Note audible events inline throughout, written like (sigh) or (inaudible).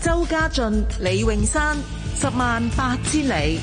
周家俊、李詠山，十萬八千里。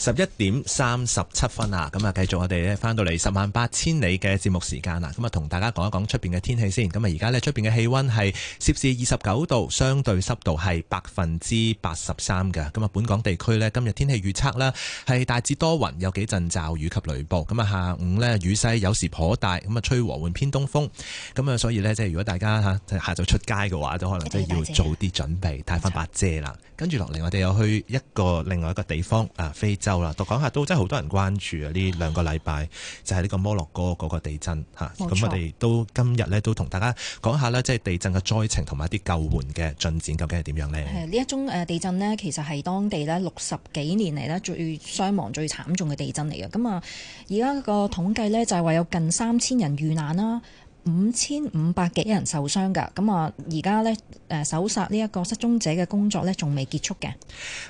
十一點三十七分啊，咁啊，繼續我哋咧翻到嚟十萬八千里嘅節目時間啦，咁啊，同大家講一講出邊嘅天氣先。咁啊，而家咧出邊嘅氣溫係攝氏二十九度，相對濕度係百分之八十三嘅。咁啊，本港地區咧今日天氣預測啦，係大致多雲，有幾陣驟雨及雷暴。咁啊，下午咧雨勢有時頗大，咁啊吹和緩偏東風。咁啊，所以咧即係如果大家嚇下晝出街嘅話，就可能真係要做啲準備，帶翻把遮啦。跟住落嚟，我哋又去一個另外一個地方啊，非洲。好啦，講下都真係好多人關注啊！呢兩個禮拜就係呢個摩洛哥嗰個地震吓，咁我哋都今日咧都同大家講下咧，即係地震嘅災情同埋一啲救援嘅進展究竟係點樣咧？呢一宗誒地震呢，其實係當地咧六十幾年嚟咧最傷亡最慘重嘅地震嚟嘅。咁啊，而家個統計咧就係話有近三千人遇難啦。五千五百幾人受傷噶，咁啊，而家咧誒，搜索呢一個失蹤者嘅工作咧，仲未結束嘅。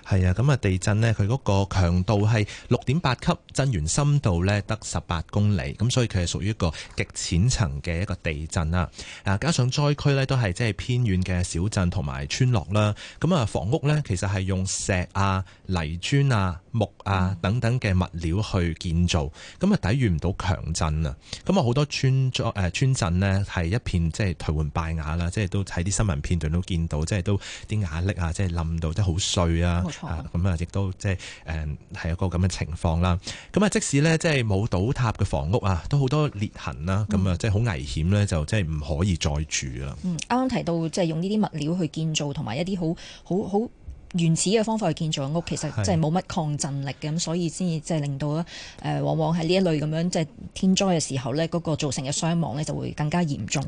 係啊，咁啊，地震呢，佢嗰個強度係六點八級，震源深度咧得十八公里，咁所以佢係屬於一個極淺層嘅一個地震啦。嗱，加上災區咧都係即係偏遠嘅小鎮同埋村落啦，咁啊，房屋咧其實係用石啊、泥磚啊。木啊等等嘅物料去建造，咁啊、嗯、抵禦唔到強震啊，咁啊好多村莊誒村鎮呢係一片即係頹垣敗瓦啦，即係都喺啲新聞片段都見到，嗯、即係都啲瓦礫啊，即係冧到即係好碎沒錯 啊，冇咁啊亦都即係誒係一個咁嘅情況啦。咁啊即使呢，即係冇倒塌嘅房屋啊，都好多裂痕啦，咁啊、嗯、即係好危險咧，就即係唔可以再住啦、嗯。啱啱提到即係、就是、用呢啲物料去建造，同埋一啲好好好。原始嘅方法去建造屋，其實即係冇乜抗震力嘅，咁是的 所以先至即係令到咧誒、呃、往往喺呢一類咁樣即係、就是、天災嘅時候咧，嗰、那個造成嘅傷亡咧就會更加嚴重。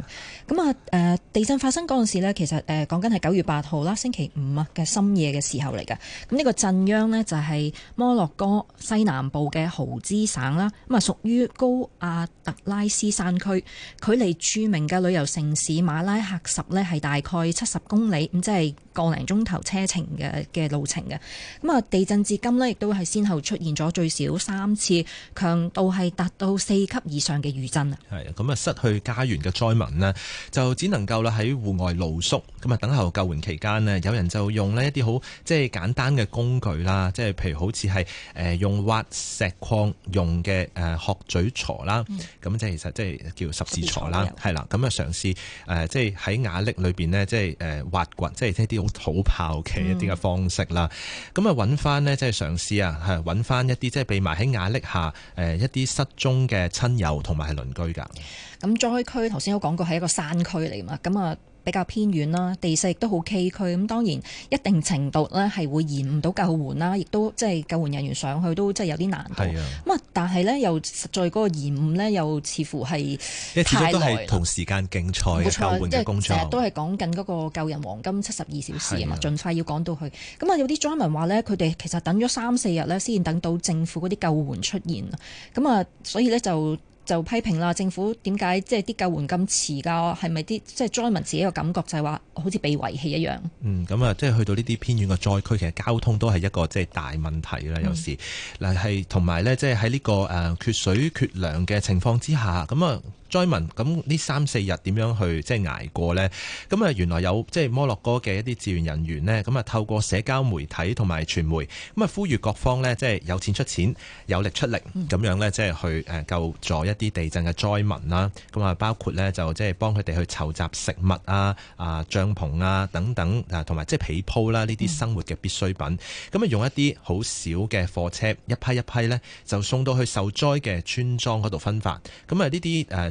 咁啊誒地震發生嗰陣時咧，其實誒講緊係九月八號啦，星期五啊嘅深夜嘅時候嚟嘅。咁呢個震央咧就係摩洛哥西南部嘅豪茲省啦，咁啊屬於高阿特拉斯山區，距離著名嘅旅遊城市馬拉喀什咧係大概七十公里，咁即係。個零鐘頭車程嘅嘅路程嘅，咁啊地震至今呢，亦都係先後出現咗最少三次，強度係達到四級以上嘅餘震啊。係咁啊失去家園嘅災民呢，就只能夠啦喺戶外露宿，咁啊等候救援期間呢，有人就用呢一啲好即係簡單嘅工具啦，即係譬如好似係誒用挖石礦用嘅誒鶴咀鋤啦，咁、嗯、即係其實即係叫十字鋤啦，係啦，咁啊嘗試誒即係喺瓦礫裏邊呢，即係誒挖掘，即係一啲好。土炮企一啲嘅方式啦，咁啊揾翻呢？即係嘗試啊，係揾翻一啲即係被埋喺壓力下誒、呃、一啲失蹤嘅親友同埋係鄰居噶。咁災區頭先都講過係一個山區嚟嘛，咁啊。 (noise) (noise) (noise) (noise) (noise) (noise) (noise) 比較偏遠啦，地勢亦都好崎嶇，咁當然一定程度咧係會延誤到救援啦，亦都即係救援人員上去都即係有啲難度。咁啊是的，但係咧又實在嗰個延誤咧，又似乎係太耐都係同時間競賽錯救援嘅工作。都係講緊嗰個救人黃金七十二小時啊嘛，是的 盡快要趕到去。咁啊是的，有啲災民話咧，佢哋其實等咗三四日咧，先等到政府嗰啲救援出現。咁啊，所以咧就。就批評啦，政府點解即係啲救援咁遲㗎？係咪啲即係災民自己個感覺就係話，好似被遺棄一樣？嗯，咁啊，即係去到呢啲偏遠嘅災區，其實交通都係一個即係大問題啦。有時嗱係同埋咧，即係喺呢個誒缺水缺糧嘅情況之下，咁啊。嗯災民咁呢三四日點樣去即係捱過呢？咁啊原來有即係摩洛哥嘅一啲志願人員呢，咁啊透過社交媒體同埋傳媒咁啊呼籲各方呢，即係有錢出錢，有力出力，咁樣呢，即係去誒救助一啲地震嘅災民啦。咁啊包括呢，就即係幫佢哋去籌集食物啊、啊帳篷啊等等啊，同埋即係被鋪啦呢啲生活嘅必需品。咁啊用一啲好少嘅貨車一批一批呢，就送到去受災嘅村莊嗰度分發。咁啊呢啲誒。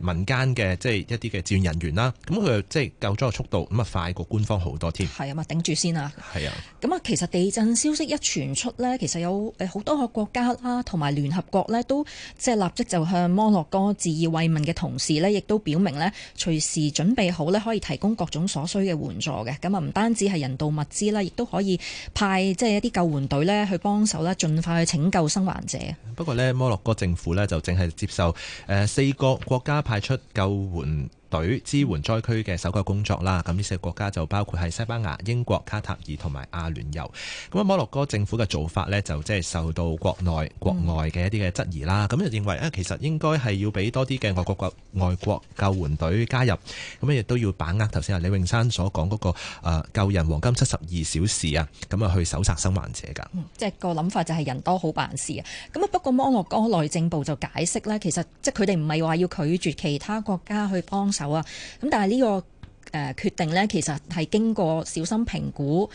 民間嘅即係一啲嘅志願人員啦，咁佢即係救災嘅速度咁啊快過官方好多添。係啊嘛，頂住先啊。係啊的，咁啊其實地震消息一傳出呢，其實有誒好多個國家啦，同埋聯合國呢，都即係立即就向摩洛哥致以慰問嘅同時呢，亦都表明呢，隨時準備好呢可以提供各種所需嘅援助嘅。咁啊唔單止係人道物資啦，亦都可以派即係一啲救援隊呢去幫手啦，盡快去拯救生還者。不過呢，摩洛哥政府呢，就淨係接受誒四個國國家派出救援。隊支援災區嘅搜救工作啦，咁呢四個國家就包括係西班牙、英國、卡塔爾同埋阿聯酋。咁啊，摩洛哥政府嘅做法呢，就即係受到國內、國外嘅一啲嘅質疑啦。咁就、嗯、認為啊，其實應該係要俾多啲嘅外國國外國救援隊加入，咁亦都要把握頭先阿李永山所講嗰個誒救人黃金七十二小時啊，咁啊去搜查生還者噶。即係、嗯就是、個諗法就係人多好辦事啊。咁啊，不過摩洛哥內政部就解釋呢，其實即係佢哋唔係話要拒絕其他國家去幫手。啊，咁、嗯、但係呢、呢個誒、呃、決定呢，其實係經過小心評估。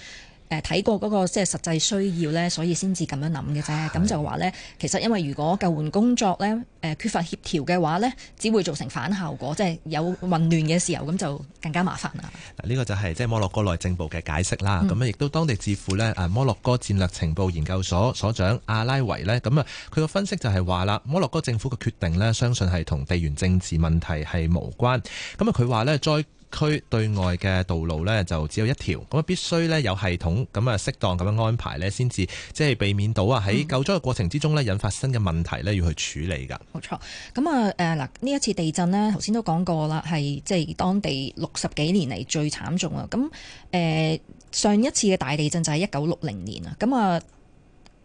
誒睇過嗰個即係實際需要咧，所以先至咁樣諗嘅啫。咁就話咧，其實因為如果救援工作咧誒、呃、缺乏協調嘅話咧，只會造成反效果，即係有混亂嘅時候，咁就更加麻煩啦。嗱，呢個就係即係摩洛哥內政部嘅解釋啦。咁啊、嗯，亦都當地智庫咧，啊摩洛哥戰略情報研究所所長阿拉維咧，咁啊佢個分析就係話啦，摩洛哥政府嘅決定呢，相信係同地緣政治問題係無關。咁啊，佢話咧，在區對外嘅道路呢，就只有一條，咁啊必須呢，有系統咁啊適當咁樣安排呢，先至即係避免到啊喺救災嘅過程之中呢，引發新嘅問題呢，要去處理噶。冇錯、嗯，咁啊誒嗱呢一次地震呢，頭先都講過啦，係即係當地六十幾年嚟最慘重啊！咁誒、呃、上一次嘅大地震就係一九六零年啊，咁啊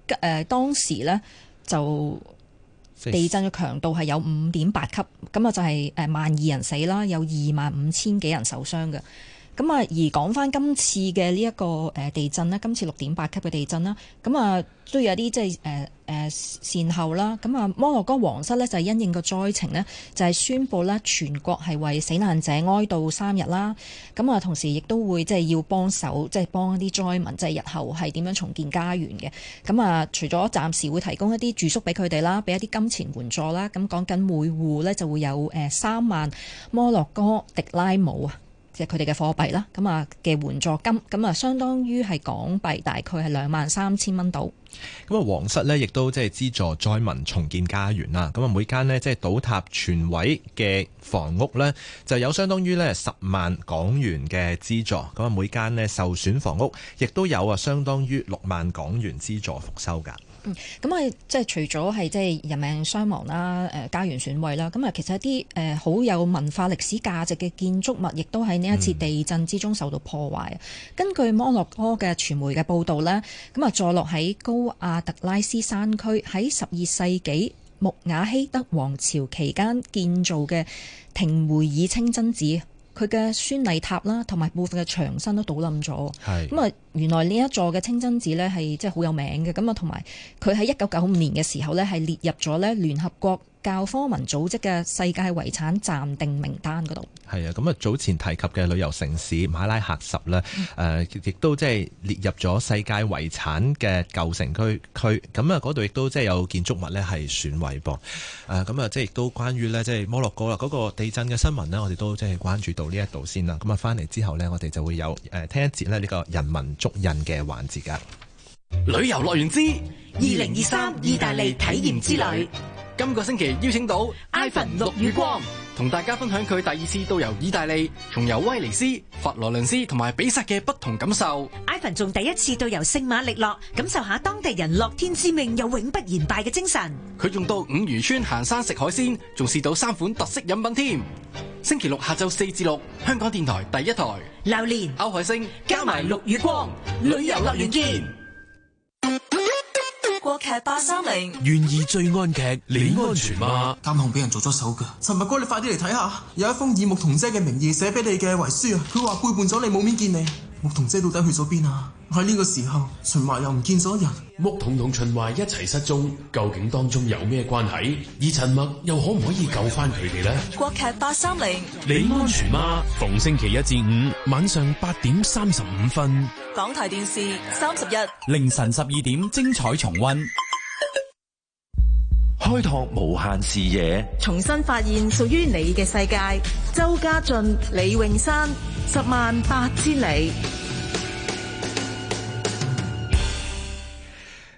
誒當時呢就。地震嘅強度係有五點八級，咁啊就係誒萬二人死啦，有二萬五千幾人受傷嘅。咁啊，而講翻今次嘅呢一個誒地震啦，今次六點八級嘅地震啦，咁啊都有啲即係誒誒善後啦。咁啊，摩洛哥皇室咧就係因應個災情呢，就係宣布咧全國係為死難者哀悼三日啦。咁啊，同時亦都會即係要幫手，即係幫一啲災民，即係日後係點樣重建家園嘅。咁啊，除咗暫時會提供一啲住宿俾佢哋啦，俾一啲金錢援助啦。咁講緊每戶呢就會有誒三萬摩洛哥迪拉姆啊。即係佢哋嘅貨幣啦，咁啊嘅援助金，咁啊相當於係港幣大概係兩萬三千蚊度。咁啊，皇室咧亦都即係資助災民重建家園啦。咁啊，每間呢即係倒塌全毀嘅房屋咧，就有相當於咧十萬港元嘅資助。咁啊，每間咧受損房屋亦都有啊，相當於六萬港元資助復修㗎。咁啊，即係、嗯、除咗係即係人命傷亡啦，誒家園損毀啦，咁啊，其實一啲誒好有文化歷史價值嘅建築物，亦都喺呢一次地震之中受到破壞。嗯、根據摩洛哥嘅傳媒嘅報道咧，咁啊，坐落喺高阿特拉斯山區，喺十二世紀穆瓦希德王朝期間建造嘅廷會爾清真寺。佢嘅宣禮塔啦，同埋部分嘅牆身都倒冧咗。是原來呢一座嘅清真寺呢，係即係好有名嘅。咁啊，同埋佢喺一九九五年嘅時候呢，係列入咗咧聯合國教科文組織嘅世界遺產暫定名單嗰度，係啊，咁啊早前提及嘅旅遊城市馬拉喀什咧，誒、嗯呃，亦都即係列入咗世界遺產嘅舊城區區，咁啊嗰度亦都即係有建築物咧係損毀噃，誒、呃，咁啊即係亦都關於咧即係摩洛哥啦，嗰個地震嘅新聞呢，我哋都即係關注到呢一度先啦，咁啊翻嚟之後呢，我哋就會有誒聽一節呢，呢、這個人文足印嘅環節噶，旅遊樂園之二零二三意大利體驗之旅。今個星期邀請到艾凡陸宇光，同大家分享佢第二次到遊意大利，重遊威尼斯、佛羅倫斯同埋比薩嘅不同感受。艾凡仲第一次到遊聖馬力諾，感受下當地人樂天知命又永不言敗嘅精神。佢用到五漁村行山食海鮮，仲試到三款特色飲品添。星期六下晝四至六，香港電台第一台，劉年歐海星，加埋陸宇光，旅遊樂園見。劇八三零，願意最安劇，你，你安全嗎？監控俾人做咗手腳，尋日哥你快啲嚟睇下，有一封以木童姐嘅名義寫俾你嘅遺書，佢話背叛咗你，冇面見你。木童姐到底去咗邊啊？喺呢個時候，秦華又唔見咗人。木童同秦華一齊失蹤，究竟當中有咩關係？而陳默又可唔可以救翻佢哋呢？國劇八三零，你安全嗎？逢星期一至五晚上八點三十五分，港台電視三十日凌晨十二點，精彩重溫， (noise) 開拓無限視野，重新發現屬於你嘅世界。周家俊、李詠山，十萬八千里。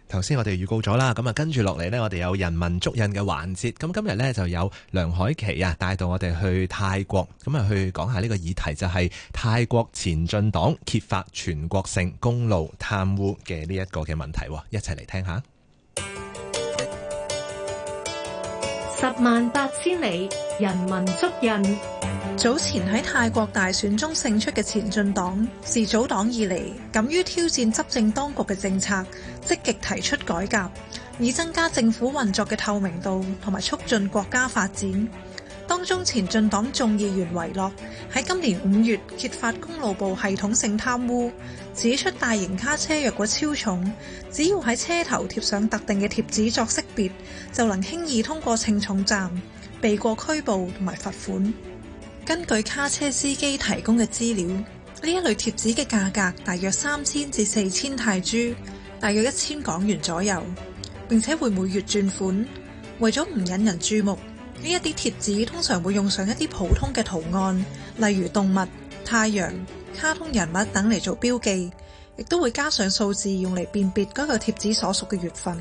頭先我哋預告咗啦，咁啊跟住落嚟，呢，我哋有人文足印嘅環節。咁今日呢，就有梁凱琪啊，帶到我哋去泰國，咁啊，去講下呢個議題，就係、是、泰國前進黨揭發全國性公路貪污嘅呢一個嘅問題，一齊嚟聽下。十萬八千里，人文足印。早前喺泰國大選中勝出嘅前進黨，自組黨以嚟敢於挑戰執政當局嘅政策，積極提出改革，以增加政府運作嘅透明度，同埋促進國家發展。當中前進黨眾議員維諾喺今年五月揭發公路部系統性貪污，指出大型卡車若果超重，只要喺車頭貼上特定嘅貼紙作識別，就能輕易通過稱重站，避過拘捕同埋罰款。根據卡車司機提供嘅資料，呢一類貼紙嘅價格大約三千至四千泰銖，大約一千港元左右，並且會每月轉款，為咗唔引人注目。呢一啲貼紙通常會用上一啲普通嘅圖案，例如動物、太陽、卡通人物等嚟做標記，亦都會加上數字用嚟辨別嗰個貼紙所屬嘅月份。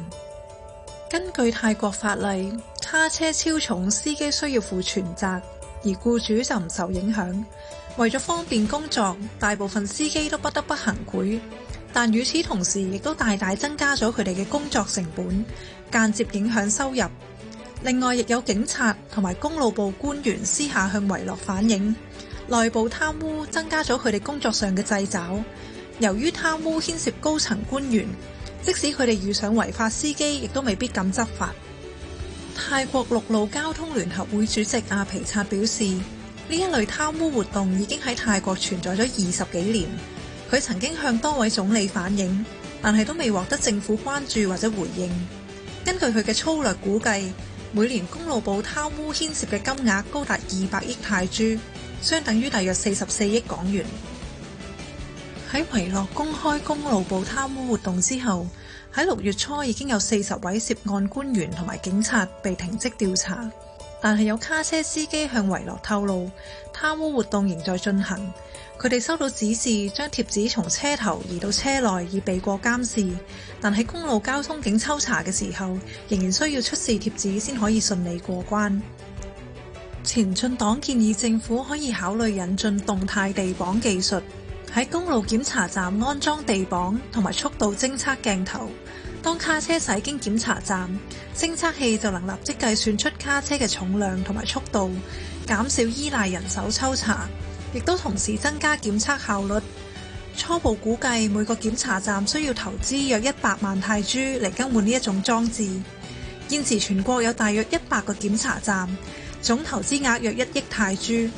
根據泰國法例，卡車超重，司機需要負全責，而僱主就唔受影響。為咗方便工作，大部分司機都不得不行賄，但與此同時，亦都大大增加咗佢哋嘅工作成本，間接影響收入。另外，亦有警察同埋公路部官員私下向維洛反映，內部貪污增加咗佢哋工作上嘅掣肘。由於貪污牽涉高層官員，即使佢哋遇上違法司機，亦都未必敢執法。泰國陸路交通聯合會主席阿皮策表示，呢一類貪污活動已經喺泰國存在咗二十幾年。佢曾經向多位總理反映，但係都未獲得政府關注或者回應。根據佢嘅粗略估計。每年公路部貪污牽涉嘅金額高達二百億泰銖，相等於大約四十四億港元。喺維諾公開公路部貪污活動之後，喺六月初已經有四十位涉案官員同埋警察被停職調查。但係有卡車司機向維樂透露，貪污活動仍在進行。佢哋收到指示，將貼紙從車頭移到車內以避過監視。但喺公路交通警抽查嘅時候，仍然需要出示貼紙先可以順利過關。前進黨建議政府可以考慮引進動態地磅技術，喺公路檢查站安裝地磅同埋速度偵測鏡頭。當卡車駛經檢查站，偵測器就能立即計算出卡車嘅重量同埋速度，減少依賴人手抽查，亦都同時增加檢測效率。初步估計，每個檢查站需要投資約一百萬泰銖嚟更換呢一種裝置。現時全國有大約一百個檢查站，總投資額約一億泰銖。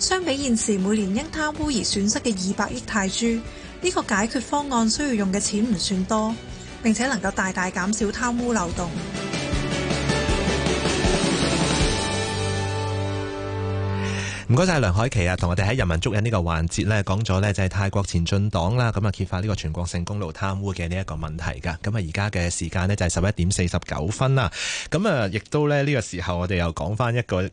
相比現時每年因貪污而損失嘅二百億泰銖，呢個解決方案需要用嘅錢唔算多。並且能夠大大減少貪污漏洞。唔該晒，梁凱琪啊，同我哋喺人文足印呢個環節咧講咗咧，就係泰國前進黨啦，咁啊揭發呢個全國性公路貪污嘅呢一個問題噶。咁啊而家嘅時間呢，就係十一點四十九分啦。咁啊亦都咧，呢個時候我哋又講翻一個一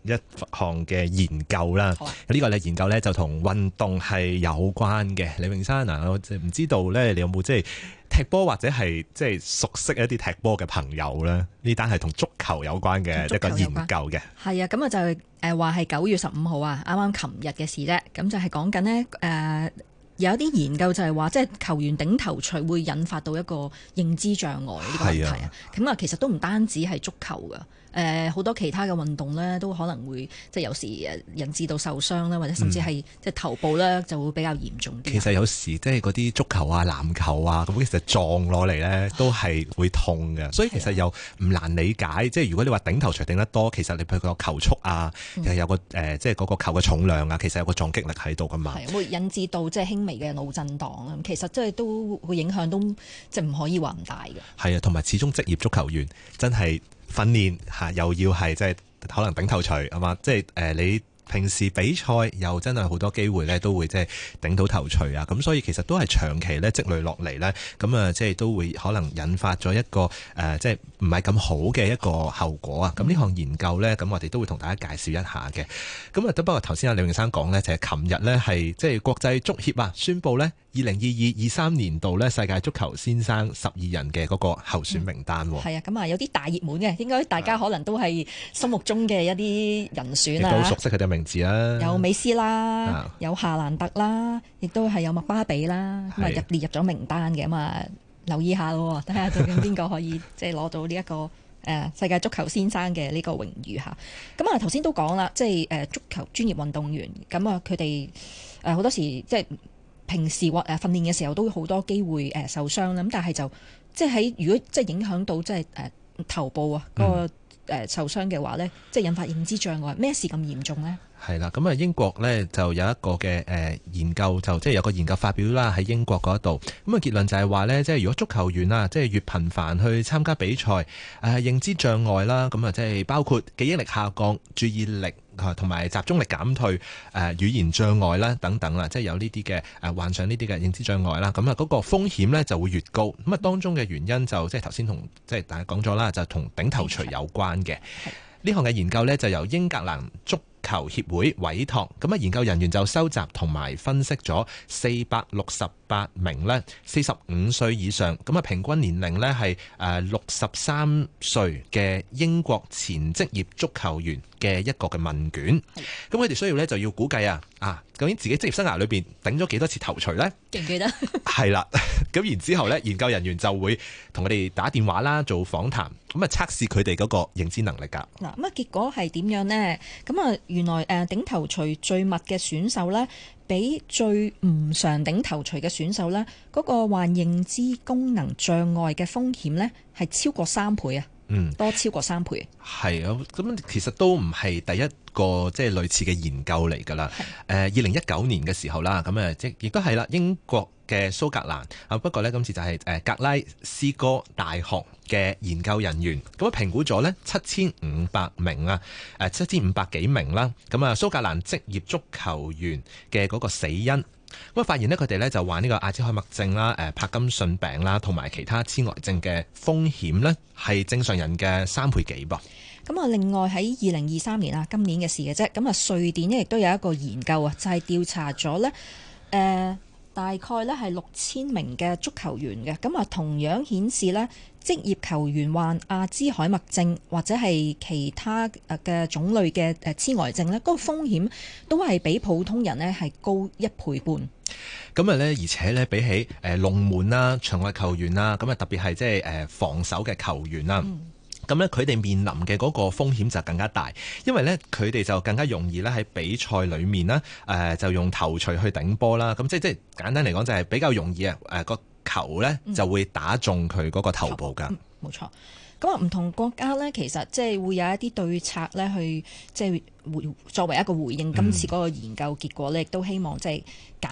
項嘅研究啦。呢好個咧研究呢，就同運動係有關嘅。李永山，嗱，我唔知道咧，你有冇即係。踢波或者係即係熟悉一啲踢波嘅朋友咧，呢單係同足球有關嘅一個研究嘅。係啊，咁啊就誒話係九月十五號啊，啱啱琴日嘅事啫。咁就係講緊呢，誒，有一啲研究就係話，即係球員頂頭槌會引發到一個認知障礙呢個問題啊。咁啊，其實都唔單止係足球噶。誒好、呃、多其他嘅運動咧，都可能會即係有時誒引致到受傷啦，或者甚至係、嗯、即係頭部咧就會比較嚴重啲。其實有時即係嗰啲足球啊、籃球啊咁，其實撞落嚟咧都係會痛嘅。唉所以其實又唔難理解，即係如果你話頂頭槌頂得多，其實你譬如個球速啊，又、嗯、有個誒即係嗰個球嘅重量啊，其實有個撞擊力喺度噶嘛。會引致到即係輕微嘅腦震盪啊，其實即係都會影響都即係唔可以話唔大嘅。係啊，同埋始終職業足球員真係。訓練嚇又要係即係可能頂頭槌係嘛，即係誒、呃、你平時比賽又真係好多機會咧，都會即係頂到頭槌啊，咁所以其實都係長期咧積累落嚟咧，咁啊即係都會可能引發咗一個誒、呃、即係唔係咁好嘅一個後果啊，咁呢項研究咧，咁、嗯、我哋都會同大家介紹一下嘅，咁啊不過頭先阿李永生講咧，就係琴日咧係即係國際足協啊，宣布咧。二零二二二三年度呢，世界足球先生十二人嘅嗰個候選名單。係、嗯、啊，咁啊有啲大熱門嘅，應該大家可能都係心目中嘅一啲人選啊。都熟悉佢哋名字啦、啊，有美斯啦，啊、有夏蘭特啦，亦都係有麥巴比啦，咁啊入列入咗名單嘅啊、嗯。留意下咯，睇下究竟邊個可以即係攞到呢一個誒世界足球先生嘅呢個榮譽嚇。咁啊頭先都講啦，即係誒足球專業運動員，咁啊佢哋誒好多時即係。平時或誒訓練嘅時候都會好多機會誒受傷啦，但係就即係如果即係影響到即係誒頭部啊嗰個受傷嘅話呢，即係引發認知障礙，咩事咁嚴重呢？係啦，咁、嗯、啊英國呢，就有一個嘅誒研究，就即係有個研究發表啦喺英國嗰度，咁啊結論就係話呢，即係如果足球員啊，即係越頻繁去參加比賽，誒認知障礙啦，咁啊即係包括記憶力下降、注意力。同埋集中力減退，誒、呃，語言障礙啦，等等啦，即係有呢啲嘅誒，患上呢啲嘅認知障礙啦，咁啊，嗰個風險咧就會越高。咁啊，當中嘅原因就即係頭先同即係大家講咗啦，就同頂頭槌有關嘅呢項嘅研究咧，就由英格蘭足球協會委託。咁啊，研究人員就收集同埋分析咗四百六十八名咧四十五歲以上咁啊，平均年齡咧係誒六十三歲嘅英國前職業足球員。嘅一個嘅問卷，咁佢哋需要咧就要估計啊，啊究竟自己職業生涯裏邊頂咗幾多次頭槌呢？記唔記得？係 (laughs) 啦，咁然之後咧，研究人員就會同佢哋打電話啦，做訪談，咁啊測試佢哋嗰個認知能力噶。嗱、嗯，咁啊結果係點樣呢？咁啊原來誒頂頭槌最密嘅選手咧，比最唔常頂頭槌嘅選手咧，嗰、嗰個患認知功能障礙嘅風險咧，係超過三倍啊！嗯，多超過三倍。係啊，嗯，咁其實都唔係第一個即係類似嘅研究嚟噶啦。誒，二零一九年嘅時候啦，咁誒，即亦都係啦，英國嘅蘇格蘭啊，不過呢，今次就係誒格拉斯哥大學嘅研究人員，咁啊評估咗呢七千五百名啊，誒七千五百幾名啦，咁啊蘇格蘭職業足球員嘅嗰個死因。咁啊，發現咧，佢哋咧就患呢個阿茲海默症啦、誒柏金遜病啦，同埋其他痴呆症嘅風險咧，係正常人嘅三倍幾噃。咁啊，另外喺二零二三年啊，今年嘅事嘅啫。咁啊，瑞典亦都有一個研究啊，就係調查咗咧誒。呃大概咧係六千名嘅足球員嘅，咁啊同樣顯示咧，職業球員患阿茲海默症或者係其他嘅種類嘅誒痴呆症呢嗰、嗰個風險都係比普通人咧係高一倍半。咁啊咧，而且咧，比起誒龍門啦、場外球員啦，咁啊特別係即係誒防守嘅球員啦。嗯咁咧，佢哋面臨嘅嗰個風險就更加大，因為咧佢哋就更加容易咧喺比賽裏面呢，誒、呃、就用頭槌去頂波啦。咁即即簡單嚟講，就係比較容易啊！誒、呃、個球咧就會打中佢嗰個頭部噶。冇、嗯、錯。咁、嗯、啊，唔同國家咧，其實即係會有一啲對策咧，去即。即係作為一個回應，今次嗰個研究結果呢，嗯、亦都希望即係減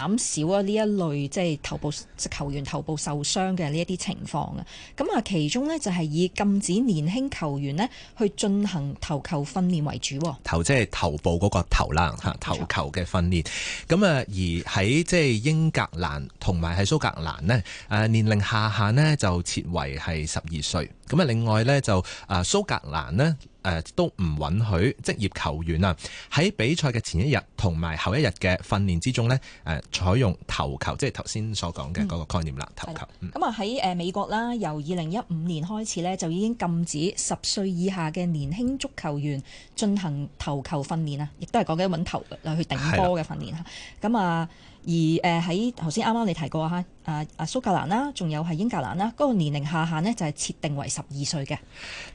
少啊呢一類即係頭部球員頭部受傷嘅呢一啲情況啊。咁啊，其中呢就係以禁止年輕球員呢去進行頭球訓練為主，頭即係頭部嗰個頭啦嚇，頭球嘅訓練。咁啊冇錯，而喺即係英格蘭同埋喺蘇格蘭呢，誒年齡下限呢就設為係十二歲。咁啊，另外呢，就啊蘇格蘭呢。誒都唔允許職業球員啊喺比賽嘅前一日同埋後一日嘅訓練之中呢，誒採用投球，即係頭先所講嘅嗰個概念啦。嗯、投球，咁啊喺誒美國啦，由二零一五年開始呢，就已經禁止十歲以下嘅年輕足球員進行投球訓練啊，亦都係講緊揾頭去頂波嘅訓練啊。咁啊是的 而誒喺頭先啱啱你提過嚇，啊啊蘇格蘭啦，仲有係英格蘭啦，嗰、嗰個年齡下限呢，就係設定為十二歲嘅。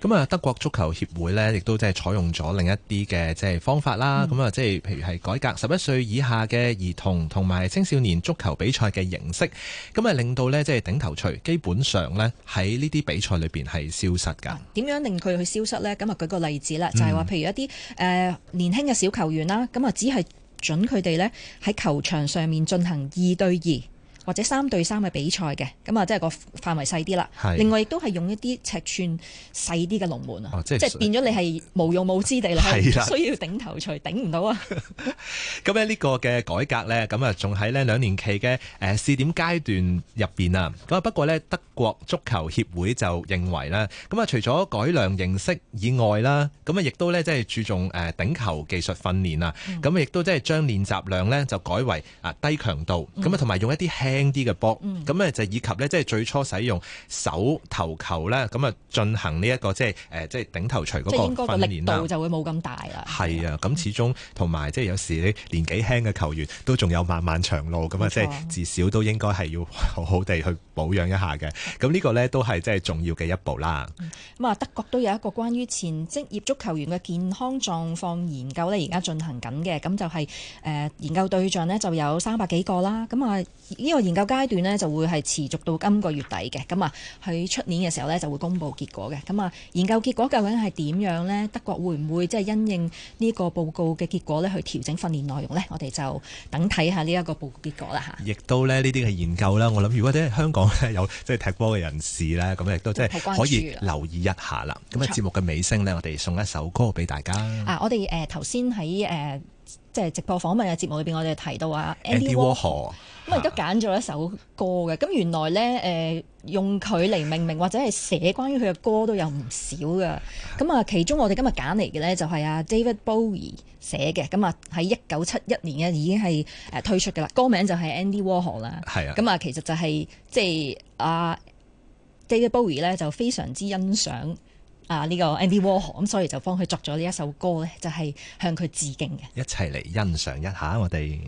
咁啊德國足球協會亦都即係採用咗另一啲嘅即係方法啦。咁啊、嗯，即係譬如係改革十一歲以下嘅兒童同埋青少年足球比賽嘅形式，咁啊令到呢即係頂頭槌基本上呢喺呢啲比賽裏邊係消失㗎。點樣令佢去消失呢？咁啊，舉個例子啦，就係、是、話譬如一啲誒年輕嘅小球員啦，咁啊、嗯、只係準佢哋呢喺球場上面進行二對二。或者三對三嘅比賽嘅，咁啊，即係個範圍細啲啦。另外亦都係用一啲尺寸細啲嘅龍門啊，即係變咗你係無用武之地啦，需要頂頭槌頂唔到啊。咁咧呢個嘅改革咧，咁啊仲喺咧兩年期嘅誒試點階段入邊啊。咁啊不過咧德國足球協會就認為啦，咁啊除咗改良形式以外啦，咁啊亦都咧即係注重誒頂球技術訓練啊。咁啊亦都即係將練習量咧就改為啊低強度，咁啊同埋用一啲輕輕啲嘅波，咁啊就以及咧，即係最初使用手投球咧，咁啊進行呢、這、一個、呃、即係誒，即係頂頭錘嗰個力度就會冇咁大啦。係啊的，咁、嗯、始終同埋即係有時啲年紀輕嘅球員都仲有漫漫長路，咁啊、嗯、即係至少都應該係要好好地去保養一下嘅。咁、嗯、呢個咧都係即係重要嘅一步啦。咁啊、嗯，德國都有一個關於前職業足球員嘅健康狀況研究咧，而家進行緊嘅，咁就係、是、誒、呃、研究對象呢，就有三百幾個啦。咁啊呢個。研究階段呢就會係持續到今個月底嘅，咁啊喺出年嘅時候呢就會公布結果嘅，咁啊研究結果究竟係點樣呢？德國會唔會即係因應呢個報告嘅結果呢去調整訓練內容呢？我哋就等睇下呢一個報告結果啦嚇。亦都咧呢啲係研究啦，我諗如果喺香港咧有即係踢波嘅人士呢，咁亦都即係可以留意一下啦。咁啊，節目嘅尾聲呢，我哋送一首歌俾大家。啊，我哋誒頭先喺誒。呃即係直播訪問嘅節目裏邊，我哋提到 Andy Andy Warhol，啊，Andy Warhol，咁啊都揀咗一首歌嘅。咁、啊、原來咧，誒、呃、用佢嚟命名或者係寫關於佢嘅歌都有唔少噶。咁啊，其中我哋今日揀嚟嘅咧就係啊 David Bowie 寫嘅。咁啊喺一九七一年咧已經係誒推出噶啦。歌名就係 Andy Warhol 啦。係啊。咁啊，其實就係、是、即係啊 David Bowie 咧，就非常之欣賞。啊！呢個 Andy Warhol 咁，所以就幫佢作咗呢一首歌咧，就係向佢致敬嘅。一齊嚟欣賞一下我哋。